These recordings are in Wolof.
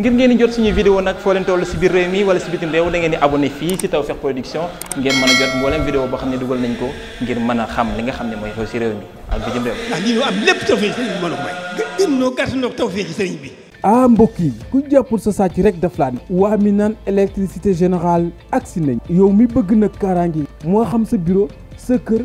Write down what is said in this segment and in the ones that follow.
ngir ngeen di jot suñu vidéo nag foo leen toll si biir réew mi wala si bitim réew da ngeen di abonné fii si Tawfekh Production ngeen mën a jot mboolem vidéo boo xam ne dugal nañ ko ngir mën a xam li nga xam ne mooy xew si réew mi ak bitim réew. ndax lii ñu am lépp tawfeex sëriñ bi mën a may. gën noo gàtt noo tawfeex sëriñ bi. ah mbokk yi ku jàppul sa sàcc rek daf laa ne. waa mi naan électricité générale agsi nañ. yow mi bëgg nag kaaraange moo xam sa bureau sa kër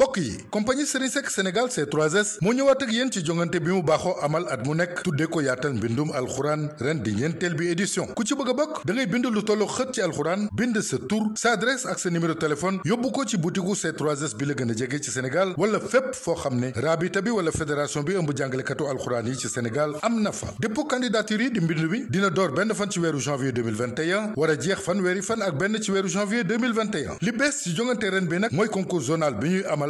mbokk yi compagnie Serigne Seck Sénégal c 3 moo ñëwaat ak yéen ci jongante bi mu baaxoo amal at mu nekk tuddee ko yaatal mbindum alxuraan ren di ñeenteel bi édition ku ci bëgg a bokk da ngay bind lu tollu xët ci alxuraan bind sa tur sa adresse ak sa numéro téléphone yóbbu ko ci butiku c 3 bi la gën a jege ci Sénégal wala fépp foo xam ne raabita bi wala fédération bi ëmb jàngalekatu alxuraan yi ci Sénégal am na fa dépôt candidature yi di mbindu bi dina door benn fan ci weeru janvier 2021 war a jeex fanweeri fan ak benn ci weeru janvier 2021 li bees ci jongante bi nag amal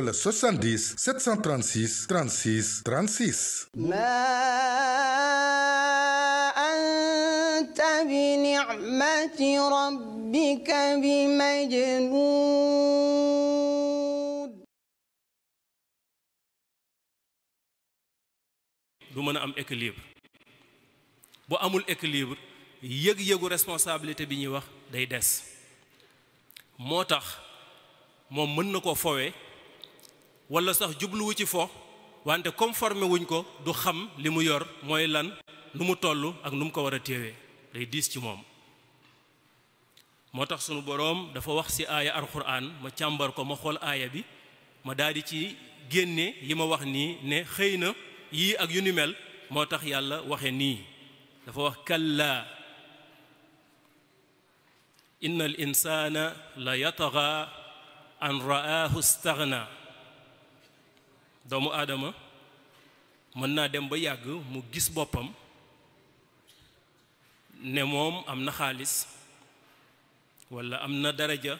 wala 70 736 36 36. anta bi ni'mati rabbika bi majnuun du mën a am équilibre bu amul équilibre yëg-yëgu responsabilité bi ñuy wax day des moo tax moom mën na koo fowe wala sax jubluwu ci fo wante conformé wuñ ko du xam li mu yor mooy lan lu mu toll ak lu mu ko war a téewee day diis ci moom moo tax sunu boroom dafa wax si aaya alxuraan ma càmbar ko ma xool aaya bi ma daldi ci génne yi ma wax nii ne xëy na yi ak yu ni mel moo tax yàlla waxe nii dafa wax kallaa inna al insaana la yatagaa an ra'aahu staghna doomu aadama mën naa dem ba yàgg mu gis boppam ne moom am na xaalis walla am na daraja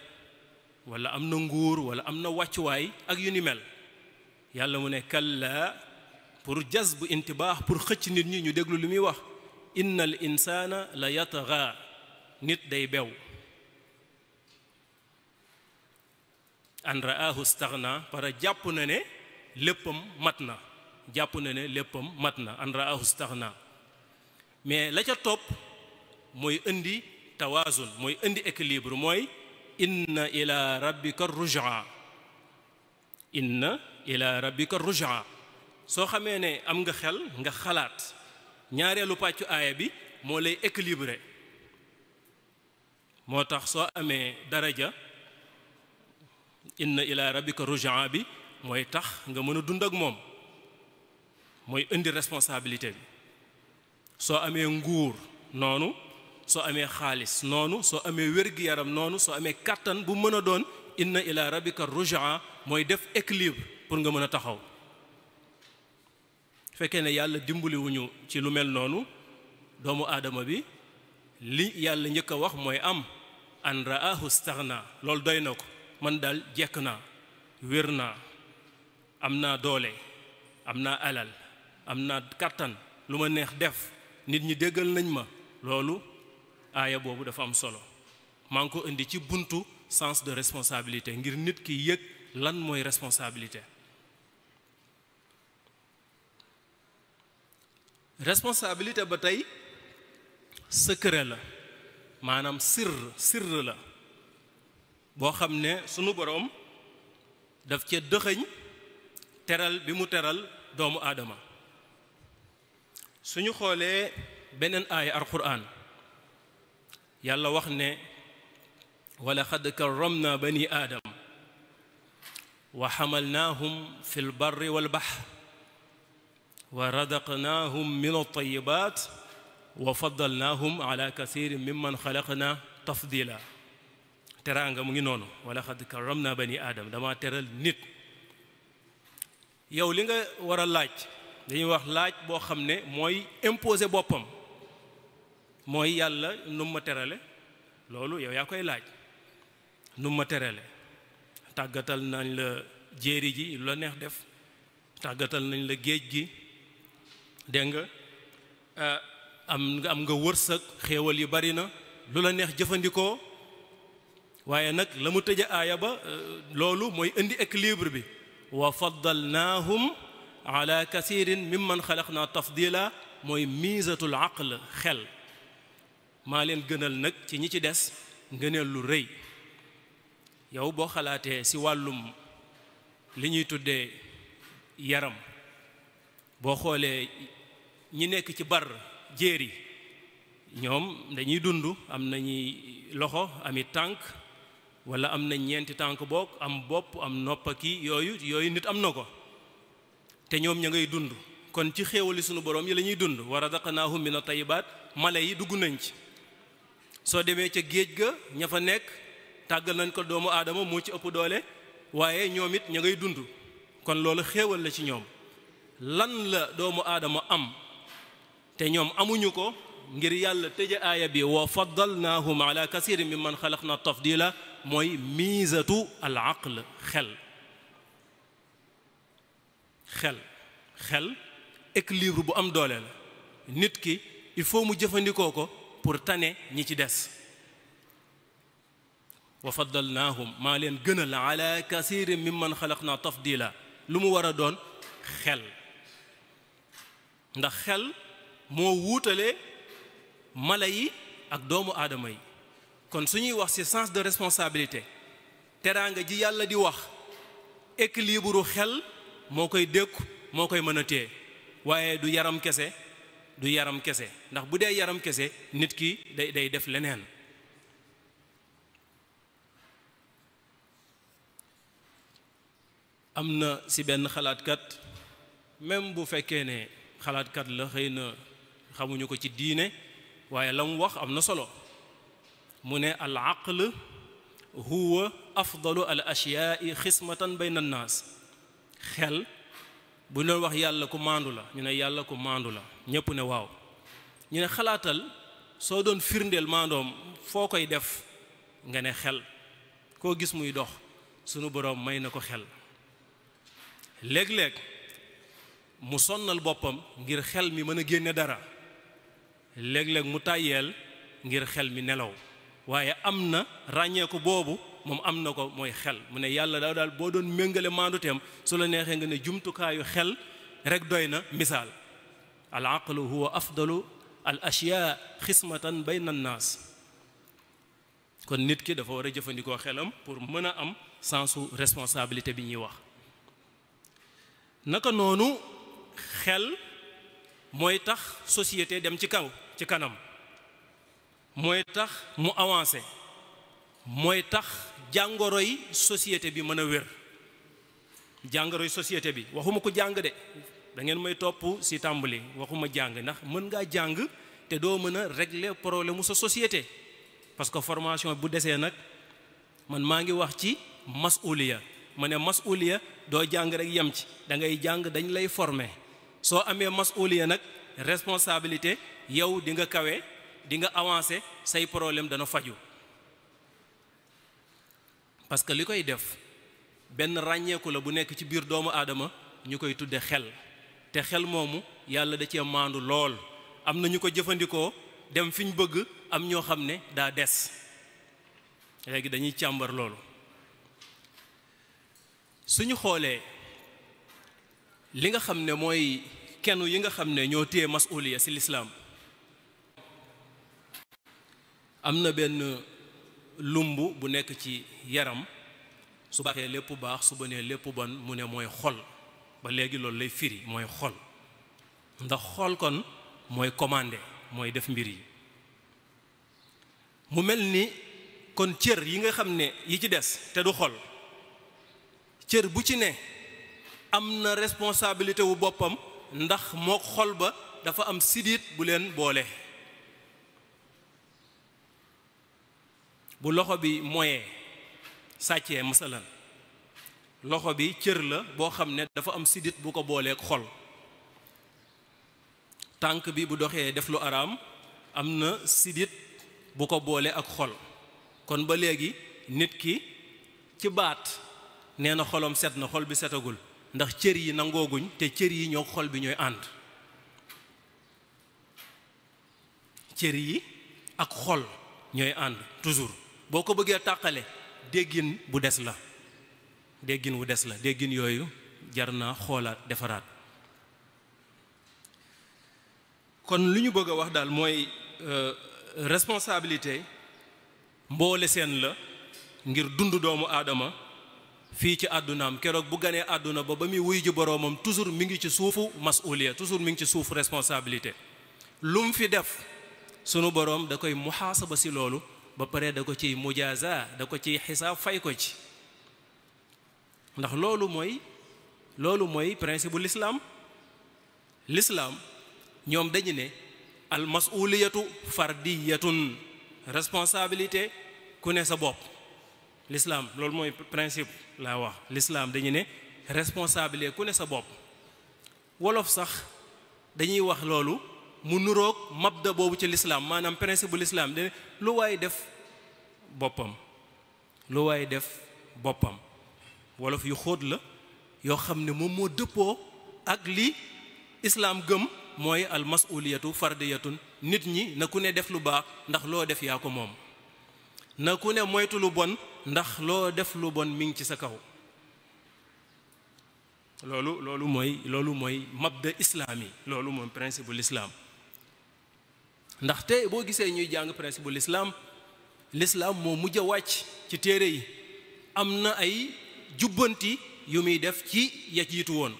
walla am na nguur walla am na wàccuwaay ak yu ni mel yàlla mu ne kalla pour jazb intibaax pour xëcc nit ñi ñu déglu lu muy wax innal insaana la yataxa nit day bew an raahu staxna para jàpp na ne léppam mat na jàpp na ne léppam mat na an raahu staxna mais la ca topp mooy indi tawaazun mooy indi équilibre mooy inna ila rabbika rujaa inna ila rabbika rujaa soo xamee ne am nga xel nga xalaat ñaareelu pàccu aaya bi moo lay équilibré moo tax soo amee daraja inna ila rabbika rujaa bi mooy tax nga mën a dund ak moom mooy indi responsabilité bi soo amee nguur noonu soo amee xaalis noonu soo amee wér-gi-yaram noonu soo amee kàttan bu mën a doon inna ila rabbika rujaa mooy def équilibre pour nga mën a taxaw fekkee ne yàlla dimbaliwuñu ci lu mel noonu doomu aadama bi li yàlla njëkk a wax mooy am an raahu staghna loolu doy na ko man daal jekk naa wér naa am naa doole am naa alal am naa kàttan lu ma neex def nit ñi déggal nañ ma loolu aaya boobu dafa am solo maa ngi ko indi ci buntu sens de responsabilité ngir nit ki yëg lan mooy responsabilité responsabilité ba tey secret la maanaam sirr sirr la boo xam ne sunu boroom daf cee dëxëñ teral bi mu teral doomu aadama suñu xoolee beneen aaya alquran yàlla wax ne wala xad karramna bani aadam wa xamalnaahum fi lbarri walbaxr wa radaqnaahum min altayibat wa faddalnaahum ala kasirin mimman xalaqna tafdila teraanga mu ngi noonu wala xad karramna bani aadam dama teral nit yow li nga war a laaj dañuy wax laaj boo xam ne mooy imposer boppam mooy yàlla nu ma terale loolu yow yaa koy laaj nu ma terale tàggatal nañ la jéeri ji lu la neex def tàggatal nañ la géej gi dégg nga eh, am nga am nga wërsëg xéewal yi bari na lu la neex jëfandikoo waaye nag la mu tëje aaya ba eh, loolu mooy indi équilibre bi wa faddalnaahum ala kasirin mimman xalaqnaa tafdila mooy miisatul aql xel maa leen gënal nag ci ñi ci des ngëneel lu rëy yow boo xalaatee si wàllum li ñuy tuddee yaram boo xoolee ñi nekk ci bar jéeri ñoom dañuy dund am nañuy loxo ami tànk wala am na ñeenti tànk boog am bopp am noppa ki yooyu yooyu nit am na ko te ñoom ña ngay dund kon ci xéewali sunu borom yi lañuy dund la ñuy dund wa razaqnaahum na tayyibaat mala yi dugg nañ ci soo demee ca géej ga ña fa nekk tàggal nañ ko doomu aadama moo ci ëpp doole waaye ñoom it ña ngay dund kon loolu xéewal la ci ñoom lan la doomu aadama am te ñoom amuñu ko ngir yàlla tëje aaya bi wa faddalnaahum ala kasiirin mimman dii la mooy miisatu al aql xel xel xel équilibre bu am doole la nit ki il faut mu jëfandikoo ko pour tane ñi ci des wa faddalnaahum maa leen gënal ala kasirin mimman xalaqna tafdila lu mu war a doon xel ndax xel moo wuutale mala yi ak doomu aadama yi kon suñuy wax ci sens de responsabilité teraanga ji yàlla di wax équilibre xel moo koy dékku moo koy mën a téye waaye du yaram kese du yaram kese ndax bu dee yaram kese nit ki day day def leneen am na si benn xalaatkat même bu fekkee ne xalaatkat la xëy na xamuñu ko ci diine waaye la wax am na solo mu ne al aql huwa afdalu al ashyaai xismatan bayn an naas xel bu ñu doon wax yàlla ku maandu la ñu ne yàlla ku maandu la ñépp ne waaw ñu ne xalaatal soo doon firndeel maandoom foo koy def nga ne xel koo gis muy dox sunu boroom may na ko xel léeg mu sonnal boppam ngir xel mi mën a génne dara léeg-léeg mu tàyyeel ngir xel mi nelaw waaye am na ràññeeku boobu moom am na ko mooy xel mu ne yàlla daaw daal boo doon méngale maanduteem su la neexee nga ne jumtukaayu xel rek doy na misaal al aqlu huwa afdalu al ashyaa xismatan bayna naas kon nit ki dafa war a jëfandikoo xelam pour mën a am sensu responsabilité bi ñuy wax naka noonu xel mooy tax société dem ci kaw ci kanam mooy tax mu avancé mooy tax jàngoroy société bi mën a wér jàngoroy société bi waxuma ko jàng de da ngeen may topp si tàmbali waxuma jàng ndax mën ngaa jàng te doo mën a régler problème mu sa société parce que formation bu desee nag man maa ngi wax ci masuliya ma ne masuliya doo jàng rek yem ci da ngay jàng dañ lay former soo amee masuliya nag responsabilité yow di nga kawe dinga nga say problème dana faju parce que li koy def benn ràññeeku la bu nekk ci biir doomu aadama ñu koy tudde xel te xel moomu yàlla da cee maandu lool am na ñu ko jëfandikoo dem fi ñu bëgg am ñoo xam ne daa des léegi dañuy càmbar loolu suñu xoolee li nga xam ne mooy kenn yi nga xam ne ñoo téye masuliya si lislaam am na benn lumb bu nekk ci yaram su baaxee lépp baax su bonee lépp bon mu ne mooy xol ba léegi loolu lay firi mooy xol ndax xol kon mooy commandé mooy def mbir yi mu mel ni kon cër yi nga xam ne yi ci des te du xol cër bu ci ne am na responsabilité wu boppam ndax moo xol ba dafa am sidiit bu leen boole bu loxo bi moyee sàccee masalan loxo bi cër la boo xam ne dafa am sidit bu ko booleeg xol tànk bi bu doxee def lu araam am na sidit bu ko boole ak xol kon ba léegi nit ki ci baat nee na xolam set na xol bi setagul ndax cër yi nangooguñ te cër yi ñoo xol bi ñooy ànd cër yi ak xol ñooy ànd toujours boo ko bëggee tàqale déggin bu des la déggin wu des la déggin yooyu jar naa xoolaat defaraat kon lu ñu bëgg a wax daal mooy euh, responsabilité mboole seen la ngir dund doomu aadama fii ci àddunaam keroog bu ganee àdduna ba ba muy wuy ji boroomam toujours mi ngi ci suufu masuuliya toujours mi ngi ci suufu responsabilité lu mu fi def sunu boroom da koy muxaasaba si loolu ba pare da ko ciy mujaaza da ko ciy xisaab fay ko ci ndax loolu mooy loolu mooy principe bu lislaam lislaam ñoom dañu ne al masuliyatu fardiyatun responsabilité ku ne sa bopp lislaam loolu mooy principe laa wax lislaam dañu ne responsabilité ku ne sa bopp wolof sax dañuy wax loolu mu nuroog mabda boobu ci lislaam maanaam principe bu lislaam lu waay def boppam lu waay def boppam wolof yu xóot la yoo xam ne moom moo dëppoo ak li islaam gëm mooy al masuliyatu fardiyatun nit ñi na ku ne def lu baax ndax loo def yaa ko moom na ku ne moytu lu bon ndax loo def lu bon mi ngi ci sa kaw loolu loolu mooy loolu mooy mabda islaam yi loolu mooy principe bu ndaxte boo gisee ñuy jàng principe bu lislaam lislaam moo mujj a wàcc ci téere yi am na ay jubbanti yu muy def ci ya jiitu woon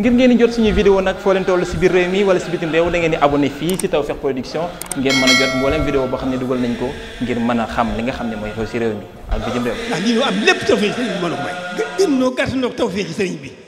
ngir ngeen di jot suñu vidéo nag foo leen toll si biir réew mi wala si bitim réew da ngeen di abonné fii si Tawfekh Production ngeen mën a jot mboolem vidéo boo xam ne dugal nañ ko ngir mën a xam li nga xam ne mooy xew si réew mi ak bitim réew. ndax ah, lii ñu am lépp Tawfekh sëriñ sëriñ bi.